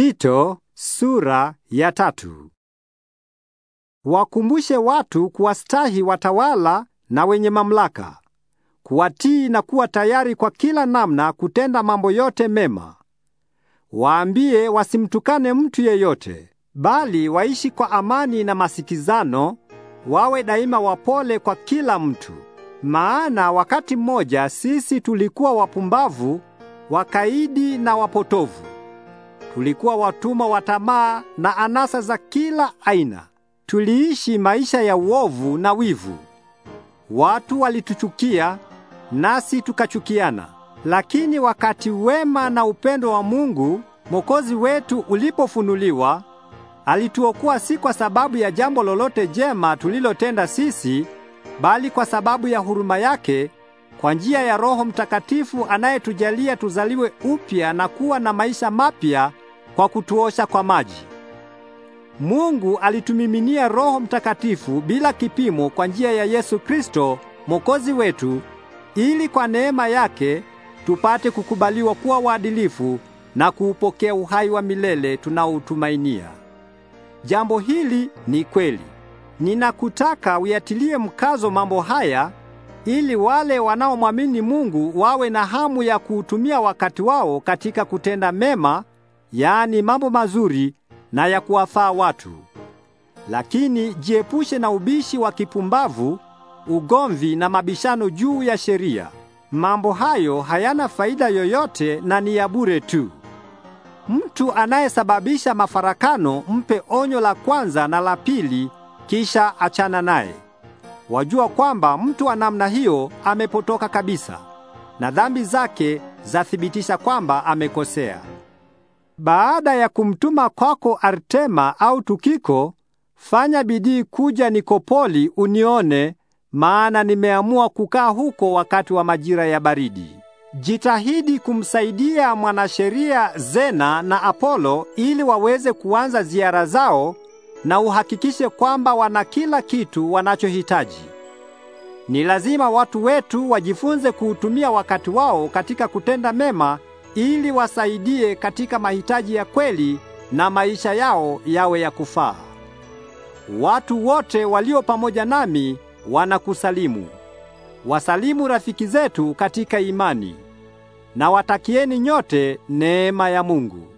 Tito sura ya tatu. Wakumbushe watu kuwastahi watawala na wenye mamlaka, kuwatii na kuwa tayari kwa kila namna kutenda mambo yote mema. Waambie wasimtukane mtu yeyote, bali waishi kwa amani na masikizano, wawe daima wapole kwa kila mtu. Maana wakati mmoja sisi tulikuwa wapumbavu, wakaidi na wapotovu Tulikuwa watumwa wa tamaa na anasa za kila aina. Tuliishi maisha ya uovu na wivu. Watu walituchukia nasi tukachukiana. Lakini wakati wema na upendo wa Mungu Mwokozi wetu ulipofunuliwa, alituokoa si kwa sababu ya jambo lolote jema tulilotenda sisi, bali kwa sababu ya huruma yake kwa njia ya Roho Mtakatifu anayetujalia tuzaliwe upya na kuwa na maisha mapya kwa kutuosha kwa maji. Mungu alitumiminia Roho Mtakatifu bila kipimo kwa njia ya Yesu Kristo Mwokozi wetu ili kwa neema yake tupate kukubaliwa kuwa waadilifu na kuupokea uhai wa milele tunaoutumainia. Jambo hili ni kweli. Ninakutaka uyatilie mkazo mambo haya ili wale wanaomwamini Mungu wawe na hamu ya kuutumia wakati wao katika kutenda mema yaani mambo mazuri na ya kuwafaa watu. Lakini jiepushe na ubishi wa kipumbavu, ugomvi na mabishano juu ya sheria. Mambo hayo hayana faida yoyote na ni ya bure tu. Mtu anayesababisha mafarakano mpe onyo la kwanza na la pili, kisha achana naye. Wajua kwamba mtu wa namna hiyo amepotoka kabisa, na dhambi zake zathibitisha kwamba amekosea baada ya kumtuma kwako Artema au Tukiko, fanya bidii kuja Nikopoli unione, maana nimeamua kukaa huko wakati wa majira ya baridi. Jitahidi kumsaidia mwanasheria Zena na Apolo ili waweze kuanza ziara zao na uhakikishe kwamba wana kila kitu wanachohitaji. Ni lazima watu wetu wajifunze kuutumia wakati wao katika kutenda mema ili wasaidie katika mahitaji ya kweli na maisha yao yawe ya kufaa. Watu wote walio pamoja nami wanakusalimu. Wasalimu rafiki zetu katika imani. Na watakieni nyote neema ya Mungu.